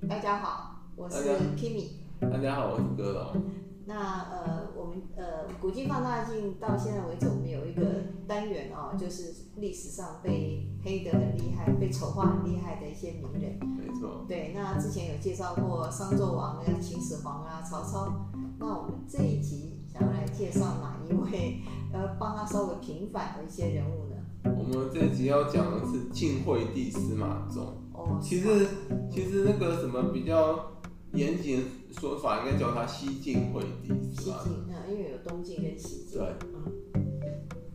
嗯、大家好，我是 Kimmy，啊啊。大家好，我是哥龍。那呃，我們呃，古今放大鏡到現在為止，我們有一個單元哦，就是歷史上被黑得很厲害、被醜化很厲害的一些名人。沒錯。對，那之前有介紹過商紂王啊、秦始皇啊、曹操。那我們這一集想要來介紹哪一位，呃，幫他稍微平反的一些人物呢？我們這一集要講的是晉惠帝司馬衷。其實，其實那個什麼比較嚴謹的說法，應該叫他西晉惠帝，西晉啊，因為有東晉跟西晉。對。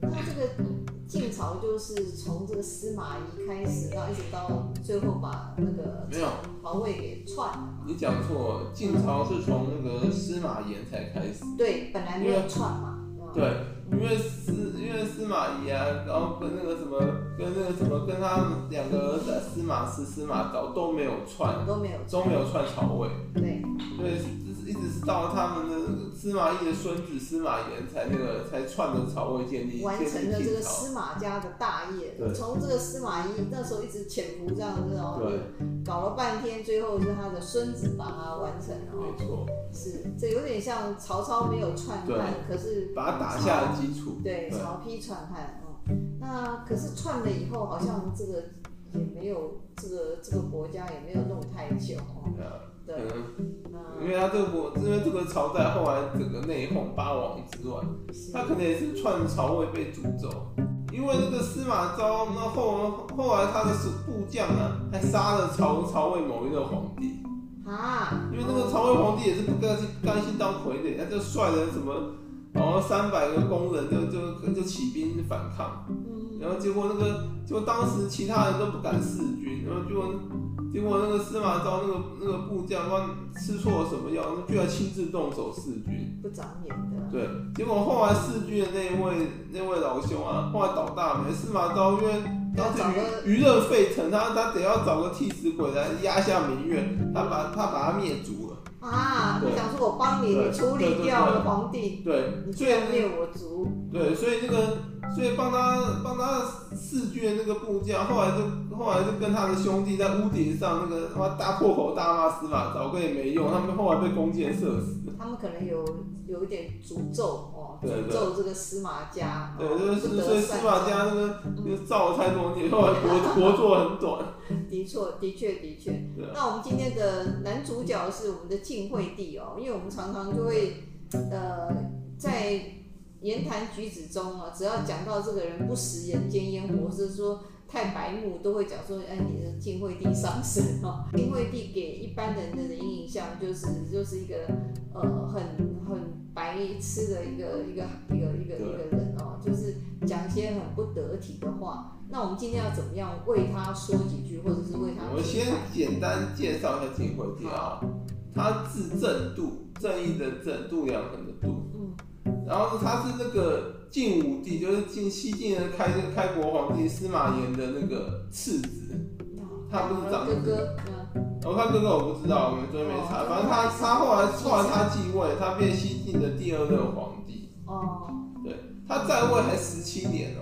那、嗯、這個晉朝就是從這個司馬懿開始，到一直到最後把那個沒位曹魏給篡。你講錯，晉朝是從那個司馬炎才開始。對，本來沒有篡嘛。對。因為司因為司馬懿啊，然後跟那個什麼，跟那個什麼，跟他兩個兒子司馬師、司馬昭都沒有篡，都沒有篡曹魏，對，對。一直是到他們的司馬懿的孫子司馬炎才那個才篡了朝位建立，完成了這個司馬家的大業。對，從這個司馬懿那時候一直潛伏這樣子哦、喔，搞了半天，最後是他的孫子把他完成了。沒錯，是這有點像曹操沒有篡漢，可是把他打下了基礎，嗯。對，曹丕篡漢哦，那可是篡了以後好像這個也沒有這個這個國家也沒有弄太久哦、喔。Yeah. 嗯，因為他這個國，因為這個朝代後來整個內訌，八王之亂，他可能也是篡曹魏被詛咒。因為那個司馬昭，那後後，後來他的部將啊，還殺了曹曹魏某一個皇帝啊。因為那個曹魏皇帝也是不甘甘心當傀儡，他就率了什麼，然後三百個工人就就就起兵反抗。然後結果那個，就當時其他人都不敢弒君，然後結果，結果那個司馬昭那個那個部將他吃錯了什麼藥，那居然親自動手弒君，不長眼的。對，結果後來弒君的那位那位老兄啊，後來倒大霉，司馬昭因為當時輿輿論沸騰，他他得要找個替死鬼來壓下民怨，他把他把他滅族了。啊，你想說我幫你，你處理掉了皇帝，對，你雖然滅我族，對，所以那、這個，所以幫他幫他弒君那個部將，後來就後來就跟他的兄弟在屋頂上那個他媽大破口大罵司馬昭，個也沒用對對對，他們後來被弓箭射死。他們可能有有一點詛咒。詛咒這個司馬家。對，對、哦對，就是司馬家那個造太多孽，嗯、猜猜後來國國祚很短。 的確，的確，的確。那我們今天的男主角是我們的晉惠帝哦，因為我們常常就會呃在言談舉止中啊、哦，只要講到這個人不食人間煙火，或、就、者、是、說太白目，都會講說：“哎、欸，你的晉惠帝上身哦。”晉惠帝給一般人的印象就是就是一個呃很。很白痴的一個一個一個一個一個人哦、喔，就是講一些很不得體的話。那我們今天要怎麼樣為他說幾句，或者是為他？我先簡單介紹一下晉惠帝啊，他字正度，正義的正，度量衡的度。嗯。然後他是那個晉武帝，就是晉西晉的開開國皇帝司馬炎的那個次子。他不是長、那個、哥哥。我、哦、他哥哥，我不知道，哦、我們昨天沒查，哦。反正他，哦、他後來他，後來他繼位，他變西晉的第二任皇帝。哦。對，他在位還十七年哦。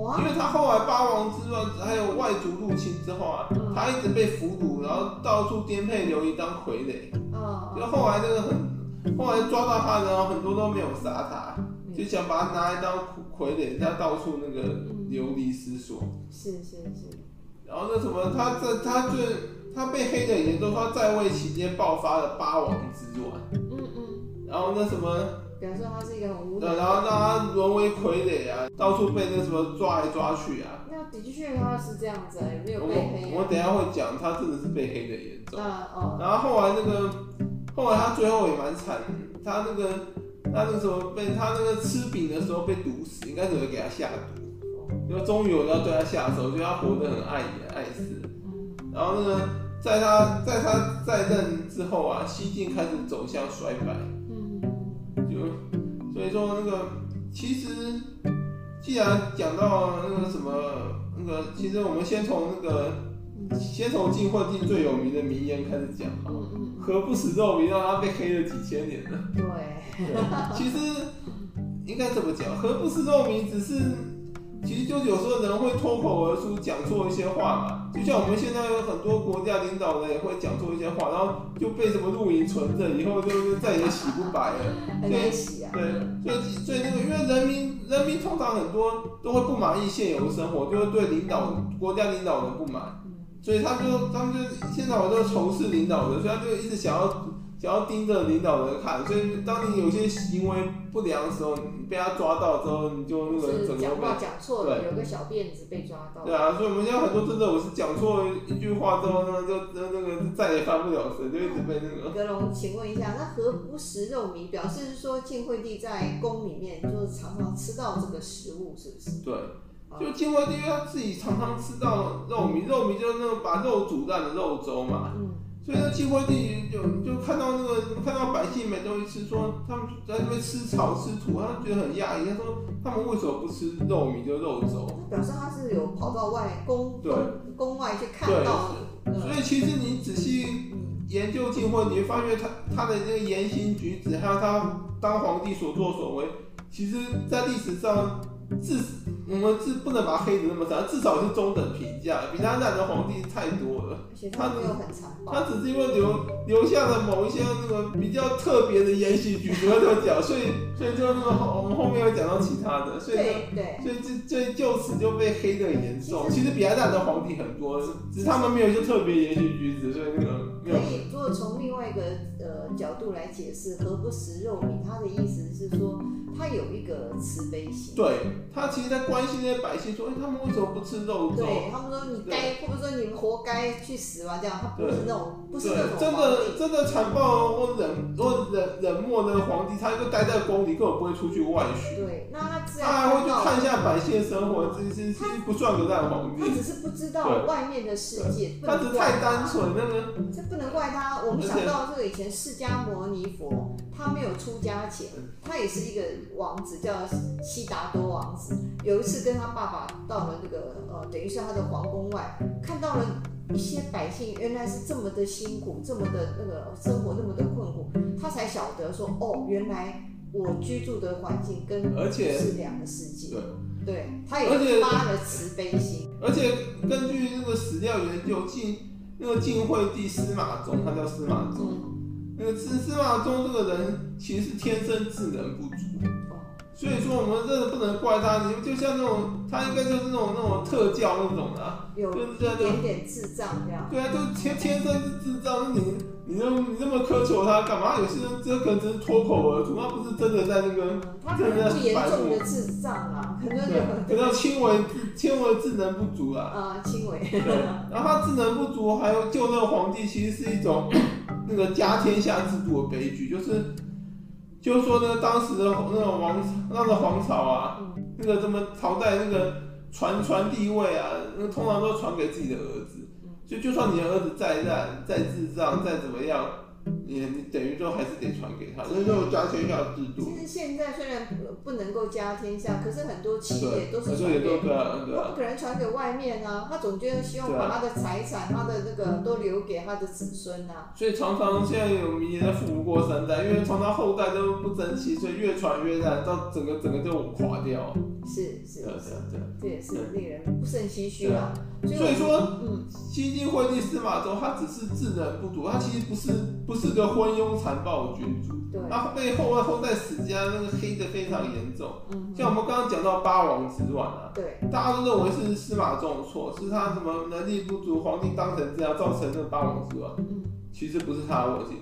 哇。因為他後來八王之亂，還有外族入侵之後啊、哦，他一直被俘虜，然後到處顛沛流離當傀儡。哦。就後來真的很，哦 okay、後來抓到他，然後很多都沒有殺他、嗯，就想把他拿來當傀儡，讓他到處那個流離失所。是是是，是。然後那什麼，他在他就他被黑的嚴重，他在位期間爆發了八王之亂，嗯嗯，然後那什麼，表示他是一個很無能的然後讓他淪為傀儡啊，到處被那什麼抓來抓去啊。那的確他是這樣子、啊，有沒有被黑眼我。我等下會講，他真的是被黑的嚴重。啊、嗯、哦、嗯。然後後來那個，後來他最後也蠻慘的，他那個他那時候被他那個吃餅的時候被毒死，應該怎麼給他下毒，因為終於有人要對他下手，嗯、我覺得他活得很礙眼、嗯、礙事。嗯。然後那個。在他在他在任之後啊，西晉開始走向衰敗。嗯，就所以說那個其實，既然講到那個什麼那個，其實我們先從那個先從晉惠帝最有名的名言開始講吧。嗯嗯。何不食肉糜讓他被黑了幾千年了。對，對。其實應該怎麼講？何不食肉糜只是其實就是有時候人會脫口而出講錯一些話嘛。就像我們現在有很多國家領導人也會講出一些話，然後就被什麼錄音存着，以後就再也洗不白了。啊、對，洗啊！對，所以所以那個，因為人民人民通常很多都會不滿意現有的生活，就會、是、對領導國家領導人不滿，所以他就他們就現在我就仇視領導人，所以他就一直想要。想要盯着領導人看，所以當你有些行為不良的時候，你被他抓到之後，你就那個整講錯了，有個小辮子被抓到了。對啊，所以我們現在很多真的，我是講錯一句話之後呢，那那那那個再也翻不了身，就一直被那個。格隆，請問一下，那何不食肉糜表示是說晉惠帝在宮裡面就是常常吃到這個食物，是不是？對，就晉惠帝他自己常常吃到肉糜、嗯，肉糜就是那個把肉煮爛的肉粥嘛。嗯。所以那清地，晉惠帝就就看到那個看到百姓們都一直，說他們在那邊吃草吃土，他們覺得很訝異。他說，他們為什麼不吃肉糜就肉粥，表示他是有跑到外宮宮外去看到的。所以，其實你仔細研究晉惠帝，你會發覺他、嗯、他的這個言行舉止，還有他當皇帝所作所為，其實，在歷史上是。我們是不能把他黑的那麼慘，至少是中等評價。比他爛的皇帝太多了，他沒有很殘暴，他只是因為留留下了某一些那個比較特別的言行舉止要講， 所以所以就是、那個、我們後面會講到其他的，所以對對所以這這就，就，就此就被黑的很嚴重其。其實比他爛的皇帝很多，只是他們沒有一些特別言行舉止，所以那個沒有。如果從另外一個呃角度來解釋“何不食肉糜”，他的意思是說他有一個慈悲心。對他，其實在關。關心那些百姓，說：“哎、欸，他們為什麼不吃肉？”對，他們說你該，或者說你們活該去死吧，這樣他不吃肉，不是那種。真的真的殘暴哦，冷哦冷冷漠的皇帝，他就待在宮裡，根本不會出去外巡。對，那他這樣，他還會去看一下百姓生活，這是不算個大皇帝。他只是不知道外面的世界。他，他只是太單純，那個。這不能怪他。我們想到這個以前釋迦牟尼佛，他沒有出家前，他也是一個王子，叫悉達多王子，有。有一次跟他爸爸到了那個呃，等於是他的皇宮外，看到了一些百姓，原來是這麼的辛苦，這麼的那個生活那麼的困苦，他才曉得說，哦，原來我居住的環境跟而且，就是兩個世界。對對，他也是發了慈悲心而。而且根據那個史料研究，晉那個晉惠帝司馬衷，他叫司馬衷。司、那個、司馬衷這個人其實天生智能不足。所以說我們真的不能怪他，你就像那種，他應該就是那種那種特教那種的，有就就點點智障這樣。對啊，就天天生是智障，你你這麼你那麼苛求他幹嘛？有些人這個、可能只是脫口而出，他不是真的在那個真的在擺布。嚴、嗯、重的智障啊，可能 可能輕微，輕微智能不足啊。啊、呃，輕微對。然後他智能不足，還有就任皇帝，其實是一種那個家天下制度的悲劇，就是。就是、說呢，當時的那個王那個皇朝啊，那個什麼朝代那、啊，那個傳傳帝位啊，通常都傳給自己的兒子，就就算你的兒子再爛、再智障、再怎麼樣。你你等於說還是得傳給他，所以就家天下制度。其實現在雖然不能夠家天下，可是很多企業都是，很多企業傳，對，對、啊對，啊對啊，他不可能傳給外面啊，他總覺得希望把他的財產，啊，他的那個都留給他的子孫啊。所以常常現在有名人富不過三代，因為常常後代都不爭氣，所以越傳越爛，到整個整個就垮掉。是是是是，啊啊啊啊，這也是令人不勝唏噓啊。啊啊所，以所以說，嗯，西晉惠帝司馬衷他只是智能不足，他其實不是。不是個昏庸殘暴的君主，對，然後背後啊後代史家那個黑的非常嚴重，嗯，像我們剛剛講到八王之亂啊，對，大家都認為是司馬衷錯，是他什麼能力不足，皇帝當成這樣，造成那八王之亂，嗯，其實不是他的問題。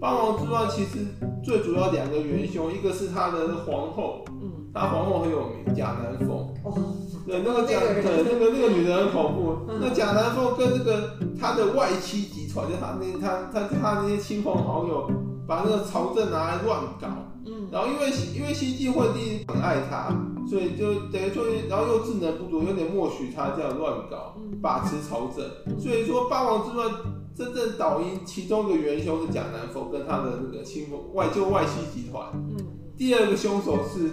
八王之亂其實最主要兩個元兇、嗯，一個是他的皇後，嗯，他皇後很有名賈南風，哦，對、嗯，那個賈、 呃，那個那個女的很恐怖，嗯、那賈南風跟那個他的外戚。他就他那他他他,他,他那些親朋好友把那個朝政拿來亂搞，嗯，然後因為因為西晉惠帝很愛他，所以就等於說，然後又智能不足，有點默許他這樣亂搞，嗯，把持朝政。所以說，八王之亂真正導因其中一個元凶是賈南風跟他的那個親朋外就外戚集團，嗯，第二個凶手是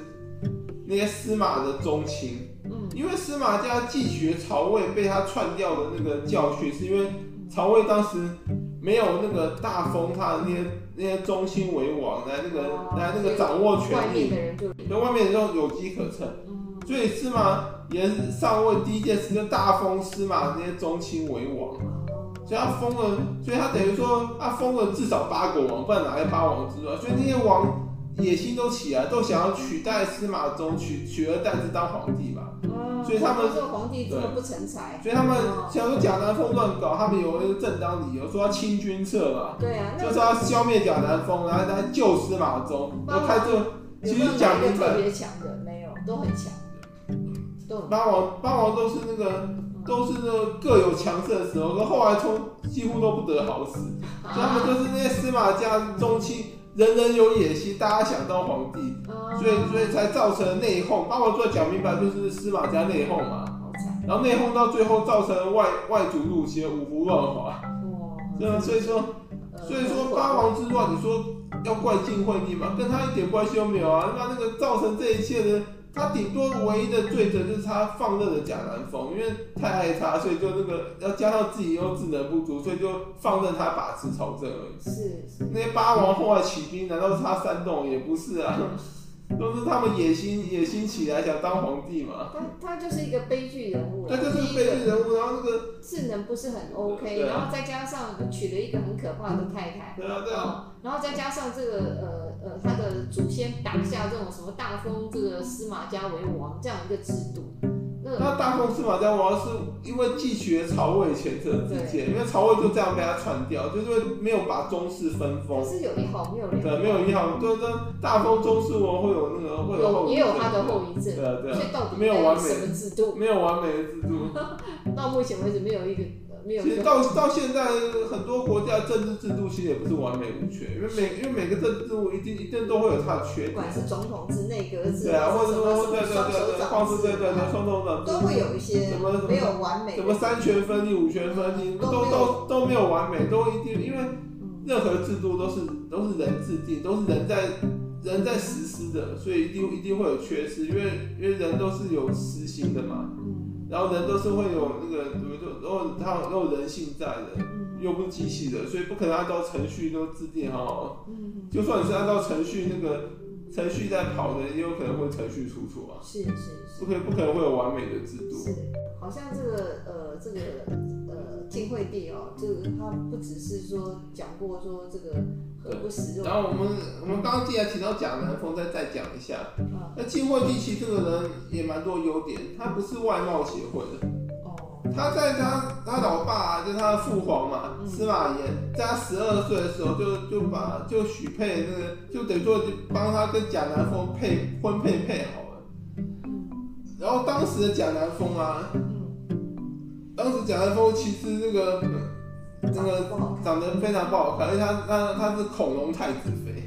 那些司馬的宗親，嗯，因為司馬家汲取曹魏被他篡掉的那個教訓，是因為。曹魏當時沒有那個大封他的那些那些宗親為王，來那個來那個掌握權力，所以外面就有機可乘。所以司馬炎上位第一件事就大封司馬那些宗親為王，所以他封了，所以他等於說他封了至少八國王，不然哪來八王之亂？所以那些王野心都起來，都想要取代司馬衷，取取而代之當皇帝吧。所以他們這皇帝真的不成才。所以他們、嗯、像說賈南風亂搞，他們有一個正當理由，說要清君側嘛。對啊，那個、就是要消滅賈南風，然後來救司馬衷。那他就其實賈南風特別強的，沒有，都很強的。都，八王八王都是那個都是那個各有強勢的時候，那後來都幾乎都不得好死。啊、所以他們就是那些司馬家宗親。人人有野心，大家想當皇帝，所以所以才造成內訌。八王之亂講明白就是司馬家內訌嘛，然後內訌到最後造成外外族入侵、五胡亂華。對、嗯、啊，所以說所以說八王之亂，你說要怪晉惠帝嗎？跟他一點關係都沒有啊！那那個造成這一切的。他頂多唯一的罪責就是他放任了賈南風，因為太愛他，所以就那個要加到自己又智能不足，所以就放任他把持朝政而已。是。是。那些八王後來起兵，難道是他煽動？也不是啊，都是他們野心野心起來想當皇帝嘛。他他就是一個悲劇人物。他就是悲劇人物，然後那、這個智能不是很 OK，是、啊、然後再加上娶了一個很可怕的太太。對啊對啊、嗯。然後再加上這個呃。他的祖先打下這種什麼大封，這個司馬家為王這樣一個制度，那，那大封司馬家王是因為汲取曹魏前者之鑑，因為曹魏就這樣被他篡掉，就是沒有把宗室分封，可是有一號沒有，對，沒有一號，就是說大封宗室王會有那個會有，後遺症，有也有他的後遺症，對對，對，所以到底沒有完美的制度，沒有完美的制度， 到目前為止沒有一個。其實到到現在，很多國家政治制度其實也不是完美無缺，因為每因為每個政治制度一定一定都會有它的缺點。不管是總統制內閣制，對啊，或者什麼對對對，雙首長制對對對，都會有一些什麼、什麼沒有完美，什麼三權分立五權分立，都、都沒有都、都、都沒有完美，都一定因為任何制度都是都是人制定，都是人在人在實施的，所以一定一定會有缺失，因為因為人都是有私心的嘛。嗯然後人都是會有那個，怎麼就然後，他有人性在的,又不機器的，所以不可能按照程序都制定好。嗯，就算你是按照程序那個程序在跑的，也有可能會程序出錯啊。是是是，不可以不可能會有完美的制度。是，好像這個呃這個。晉惠帝哦，就是他不只是說講過說這個，何不食用。然後我們我們剛剛既然提到賈南風，再再講一下，那晉惠帝其實這個人也蠻多優點，他不是外貌協會的，哦，他在他他老爸、啊、就是、他的父皇嘛、嗯、司馬炎，在他十二歲的時候就就把就許配就是、那個、就等於說幫他跟賈南風配婚配配好了，然後當時的賈南風啊。當時賈南風其實那個那個長得非常不好看，而且他他他是恐龍太子妃。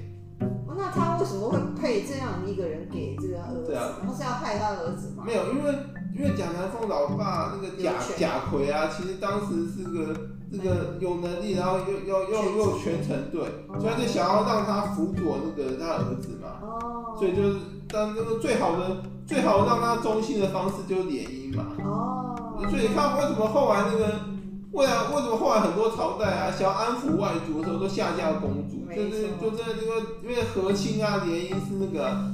哦，那他為什麼會配這樣一個人給這個兒子？對啊，他是要害他兒子嗎？沒有，因為因為賈南風老爸那個賈賈逵啊，其實當時是個這個有能力，然後又又又又權臣對，所以就想要讓他輔佐那個他兒子嘛。哦。所以就是當那個最好的最好的讓他忠心的方式就是聯姻嘛。哦。所以你看，為什麼後來那個，為啊，為什麼後來很多朝代啊，想安撫外族的時候都下嫁公主，就是就真的那個，因為和親啊聯姻是那個、啊，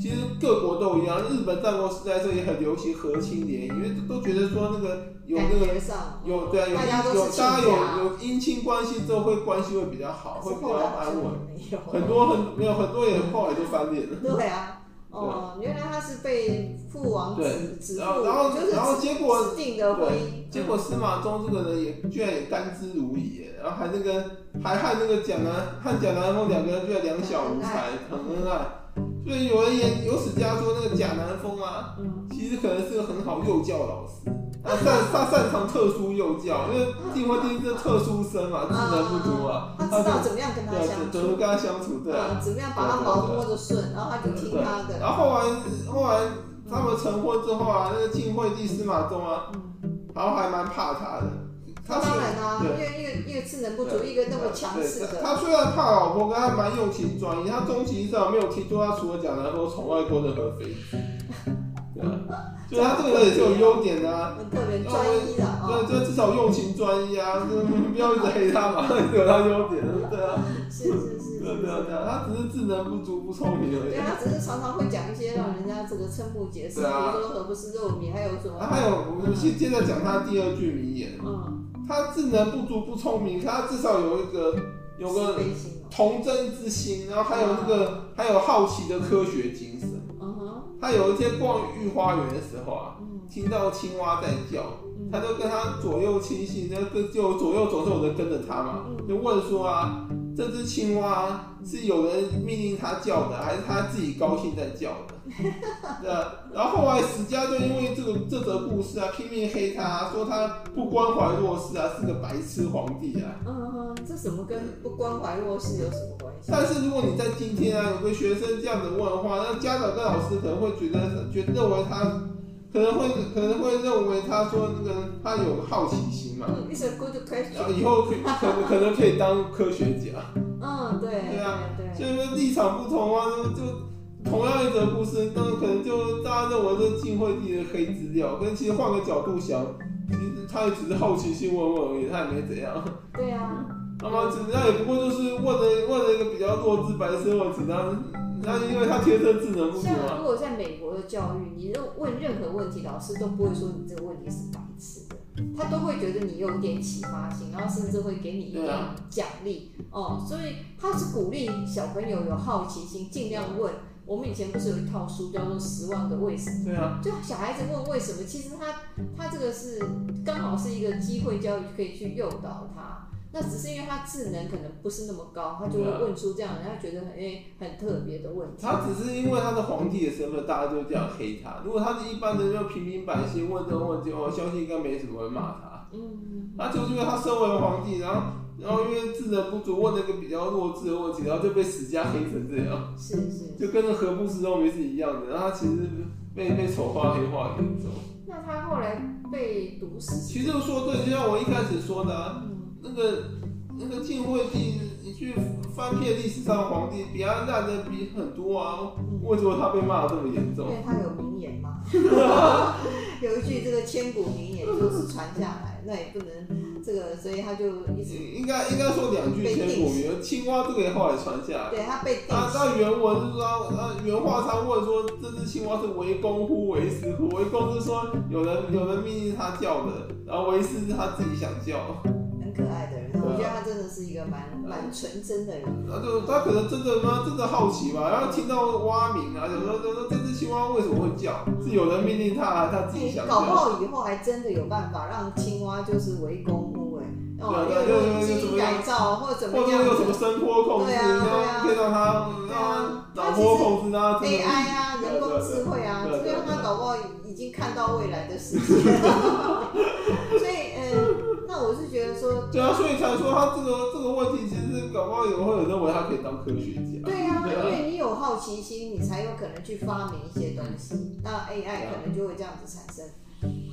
其實各國都一樣，日本戰國時代這裡很流行和親聯姻，因為都覺得說那個有那、這個、欸啊、有對啊有有大家有有姻親關係之後會關係會比較好，會比較安穩，很多很沒有很多也很後來都翻臉了。對啊。哦，原來他是被父王指對指腹然後、就是、指然後結果，定的婚結果司馬衷這個人也、嗯、居然也甘之如飴，然後還那個還和那個賈南，和賈南風兩個人居然兩小無猜、嗯，很恩愛，嗯、所以有人也有史家說那個賈南風啊、嗯，其實可能是個很好幼教老師。他 擅、啊、他擅長特殊幼教，因為晉惠帝是特殊生嘛，啊、智能不足啊，啊，啊，啊，啊他，他知道怎麼樣跟他相處，怎麼跟他相處對，對，對，怎麼樣把他毛摸得順，然後他就聽他的。然後後來後來他們成婚之後啊，嗯、那個晉惠帝司馬衷啊，然後還蠻怕他的。嗯、他當然啦、啊，因為一智能不足，一個那麼強勢的。他雖然怕老婆，跟他蠻用情專一，他終其一生沒有聽說他除了賈南風以外，寵過任何妃。嗯、就是他這個人也是有優點的，特別專一的啊。這啊哦、對，就至少用情專一啊，嗯、不要一直黑他嘛， 他有他優點。對啊，是是是是是。是是 是是是是 他只是智能不足，不聰明而已。對，他只是常常會講一些讓人家這個瞠目結舌，皮都、啊、何不食肉糜，還有什麼？他還有、嗯、我們先接着講他第二句名言。嗯。他智能不足不聰明，他至少有一個有個童真之心，然後還有那個、嗯、還有好奇的科學精神。嗯他有一天逛御花園的時候啊，聽到青蛙在叫，他就跟他左右親信，那就，就左右左右的我就跟着他嘛，就問說啊。這隻青蛙、啊、是有人命令它叫的，還是它自己高興在叫的？對 吧、啊？然後，後來史家就因為這個這則故事啊，拼命黑他、啊，說他不關懷弱勢啊，是個白痴皇帝啊。嗯哼，這什麼跟不關懷弱勢有什麼關係？但是如果你在今天啊，有個學生這樣的問話，那家長跟老師可能會覺得，覺得認為他。可能會可能會認為他說，那個他有好奇心嘛，It's a good question. 以後可以可能可能可以當科學家。嗯，對。對啊，所以說立場不同的話，就,就同樣一種故事，那可能就大家認為是晉惠帝的黑資料，但其實換個角度想，其實他也只是好奇心問問而已，他也沒怎樣。對呀、啊。那麼怎樣也不過就是問了問了一個比較弱智白痴，我只能說。那是因為他天生智能不足，像如果在美國的教育，你問任何問題，老師都不會說你這個問題是白痴的，他都會覺得你有點啟發性，然後甚至會給你一點獎勵哦。所以他是鼓勵小朋友有好奇心，盡量問。我們以前不是有一套書叫做《十萬個為什麼》？對啊，就小孩子問為什麼，其實他他這個是剛好是一個機會教育，可以去誘導他。那只是因為他智能可能不是那麼高，他就會問出這樣，人、yeah. 家覺得很很特別的問題。他只是因為他的皇帝的身份，大家就這樣黑他。如果他是一般的就平民百姓問這種問題，我相信應該沒什麼人罵他。嗯、mm -hmm. 他就是因為他身為皇帝，然後然後因為智能不足問了一個比較弱智的問題，然後就被史家黑成這樣。是是。就跟那何不食肉糜是一樣的，然後他其實被被醜化黑化嚴重。那他後來被毒死？其實說對，就像我一開始說的、啊。那個那個晉惠帝，你去翻遍歷史上的皇帝，比他爛的比很多啊。為什麼他被罵的這麼嚴重？因為他有名言嘛 有一句這個千古名言就是傳下來，那也不能這個，所以他就一直應該應該說兩句千古名言。青蛙這個也後來傳下來，對他被。他他原文是說，呃，原話他問說，這只青蛙是為公乎，為私乎？為公就是說有人有人命令他叫的，然後為私是他自己想叫。可愛的人，啊、我覺得他真的是一個蠻蠻純真的人。他就，他可能真的嗎真的好奇吧，然後聽到蛙鳴啊，就說就說這只青蛙為什麼會叫？是有人命令他，他自己想、欸、搞不好以後還真的有辦法讓青蛙就是圍攻人類、欸。對對對，對，對，有什麼改造或者怎麼樣？或有什麼聲波控制對、啊？對啊，對啊，可以讓他、嗯、啊，腦波控制啊，AI 啊，啊，啊，人工智慧啊，這個他搞不好已經看到未來的世界了， 所以。覺得說對啊，對啊，所以才說他這個這個問題，其實是搞不好有人會認為他可以當科學家對、啊。對啊，因為你有好奇心，你才有可能去發明一些東西。那 AI 可能就會這樣子產生。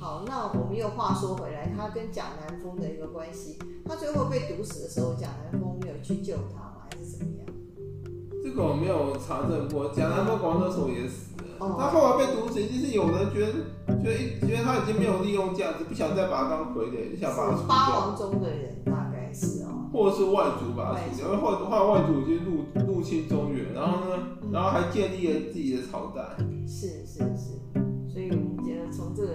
啊、好，那我們又話說回來，他跟賈南風的一個關係，他最後被毒死的時候，賈南風沒有去救他嗎？還是怎麼樣？這個我沒有查證過。賈南風光那時候也死。他、哦、後來被毒死，就是有人覺得覺得覺得他已經沒有利用價值，不想再把他當傀儡，就想把他是。八王中的人，大概是哦。或者是外族吧，他毒因為後來後來外族就入入侵中原，然後呢、嗯，然後還建立了自己的朝代。是是是，是，所以我覺得從這個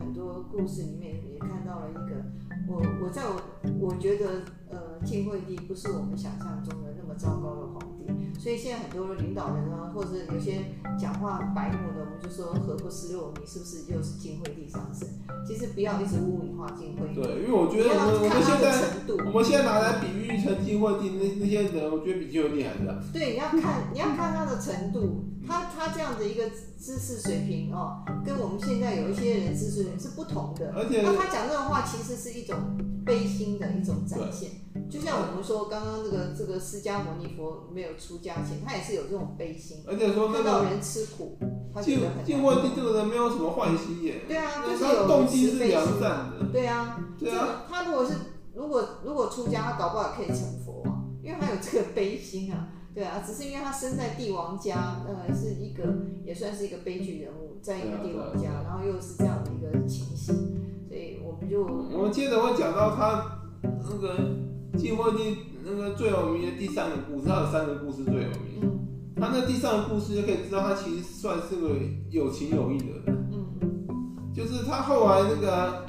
很多故事裡面也看到了一個我我在我。我覺得，呃，晉惠帝不是我們想象中的那麼糟糕的皇帝，所以現在很多的領導人啊，或者有些講話白目的，我們就說何不食肉糜，你是不是又是晉惠帝上身？其實不要一直汙名化晉惠帝。對，因為我覺得要看他的程度，我們現在我們現在拿來比喻成晉惠帝，那那些人我覺得比晉惠帝還厲害。對，你要看你要看他的程度。 他他這樣的一個知識水平哦，跟我們現在有一些人知識水平是不同的。而且，那他講這種話，其實是一種悲心的一種展現。就像我們說剛剛這個這個釋迦牟尼佛沒有出家前，他也是有這種悲心。而且說、這個、看到人吃苦，他覺得很難受，就、就覺得這個人沒有什麼壞心眼。對啊，就是、他動機是良善的。對啊，對啊。他、這個啊、如果是如果如果出家，他搞不好可以成佛啊，因為他有這個悲心啊。對啊，只是因為他生在帝王家，呃，是一個也算是一個悲劇人物，在一個帝王家，啊啊啊，然後又是這樣的一個情形，所以我們就我們接着會講到他那個晉惠帝那個最有名的第三個故事，他有三個故事最有名，嗯。他那第三個故事就可以知道，他其實算是個有情有義的人。嗯，就是他後來那個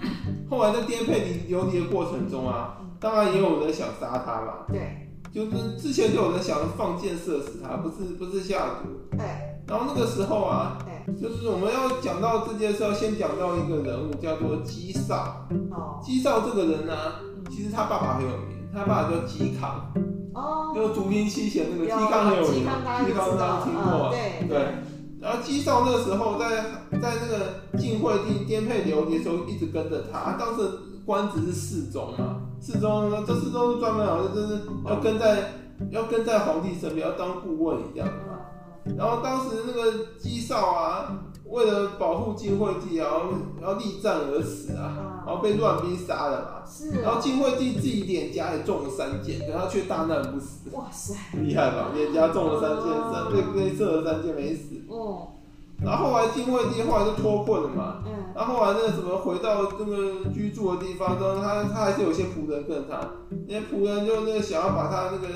後來在顛沛流離的過程中啊，嗯、當然也有人在想殺他吧。對。就是之前就有人想放箭射死他，不，不是不是下毒、欸。然後那個時候啊、欸，就是我們要講到這件事，要先講到一個人物，叫做嵇紹。哦，嵇紹這個人呢、啊,其實他爸爸很有名，他爸爸叫嵇康。哦，就竹、是、林七賢、嗯、那個嵇康很有名。嵇康大家都聽過啊、呃，對，對、嗯、然後嵇紹那個時候在在那個晉惠帝顛沛流離的時候，一直跟着他。他當時官職是侍中嘛、啊。侍中，這侍中專門好的，好像就是要跟在，要跟在皇帝身邊，要當顧問一樣的嘛。然後當時那個嵇紹啊，為了保護晉惠帝，然後然後力戰而死啊，然後被亂兵殺了嘛。是。然後晉惠帝自己臉頰也中了三箭，然後卻大難不死。哇塞！厲害吧？臉頰中了三箭、哦，三被被射了三箭沒死。嗯然後後來晉惠帝後來就脫困了嘛，嗯，然後後來那個什麼回到這個居住的地方，之後他他還是有些僕人跟他，那些僕人就那個想要把他那個，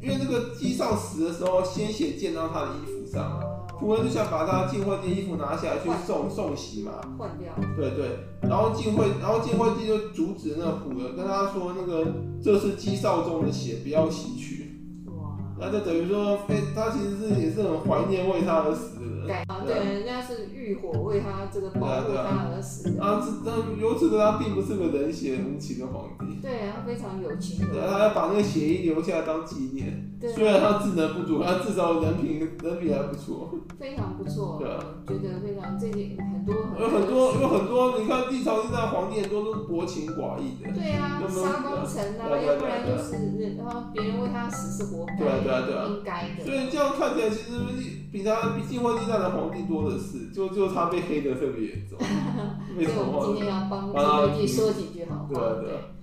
因為那個嵇紹死的時候，鮮血濺到他的衣服上嘛，僕人就想把他晉惠帝衣服拿下來去送送洗嘛，換掉。對對，然後晉惠然後晉惠帝就阻止那個僕人，跟他說那個這是嵇侍中的血，不要洗去。哇，那就等於說，欸，他其實是也是很懷念為他而死。啊、對，人家、啊、是浴火為他這個保護他而死的。啊，這這、啊，由此他，他並不是個冷血無情的皇帝。對、啊，他非常有情的。對、啊，他要把那個血衣留下來當紀念。對、啊。雖然他智能不足，啊、他至少人品人品還不錯。非常不錯。對、啊。覺得非常最近很多，很多，多很多。有很多你看歷朝歷代皇帝很多都是薄情寡義的。對啊。殺功臣啊，要不然就是然後別人為他死是活該。對啊對啊對啊，對啊。應該的。所以這樣看起來，其實比他比晉惠帝。這樣的皇帝多的是，就就他被黑的特別嚴重。 所以我們今天要幫皇帝說幾句好話。對、啊、對、啊。Okay. Okay.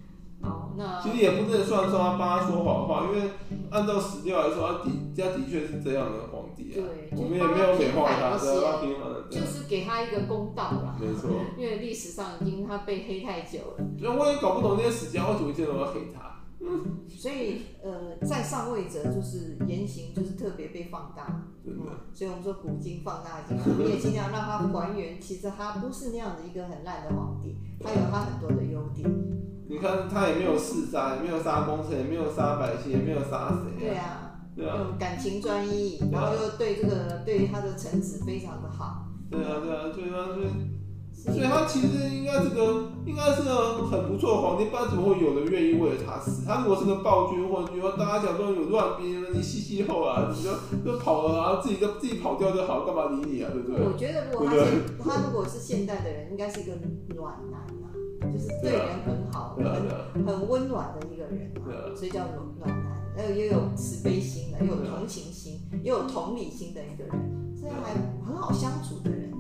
好，那其實也不能算算他幫他說謊話，因為按照史料來說，他的他的確是這樣的皇帝啊。對。我們也沒有美化他，就是、他他對、啊他，就是給他一個公道啦。沒、啊、錯。因為歷史上已經他被黑太久了。那我也搞不懂這些史料，為、嗯、什麼一直都要黑他。 所以，呃，在上位者就是言行就是特別被放大。嗯，所以我們說古今放大鏡，你 也盡量讓他還原。其實他不是那樣的一個很爛的皇帝，他有他很多的優點。你看，他也沒有弒殺，也沒有殺功臣，也沒有殺百姓，也沒有殺誰。對啊，對啊。感情專一、啊，然後又對這個對他的臣子非常的好。對啊，對啊，對啊，對啊。對啊所以他其實應該是個，應該是個很不錯的皇帝，不然怎麼會有人願意為了他死？他如果是個暴君昏君，大家講說有亂兵，你嘻嘻後啊，你 就就跑了，啊，自己就自己跑掉就好，幹嘛理你啊？對不對？我覺得如果他他如果是現代的人，應該是一個暖男啊，就是對人很好，啊、很、啊啊、很溫暖的一個人、啊啊，所以叫暖暖男，然後也有慈悲心的，也有同情心，啊、也有同理心的一個人，這樣還很好相處的人。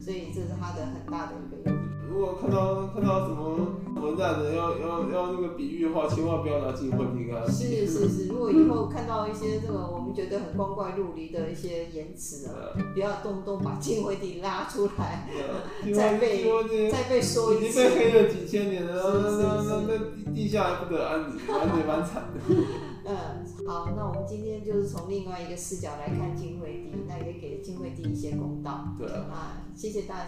所以這是他的很大的一個優點。如果看到看到什麼文麼的要要要那個比喻的話，千萬不要拿晉惠帝啊！是是是， 如果以後看到一些這個我們覺得很光怪陸離的一些言辭啊、嗯，不要動不動把晉惠帝拉出來，嗯、再被再被說一次，已經被黑了幾千年了，那那那那地下還不得安寧 安得蠻慘的。 嗯，好，那我們今天就是從另外一個視角來看晉惠帝，那也給晉惠帝一些公道。對啊，啊謝謝，謝謝大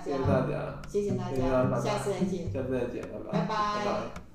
家，謝謝大家，謝謝大家，下次再見，下次再見，拜拜。拜拜拜拜拜拜。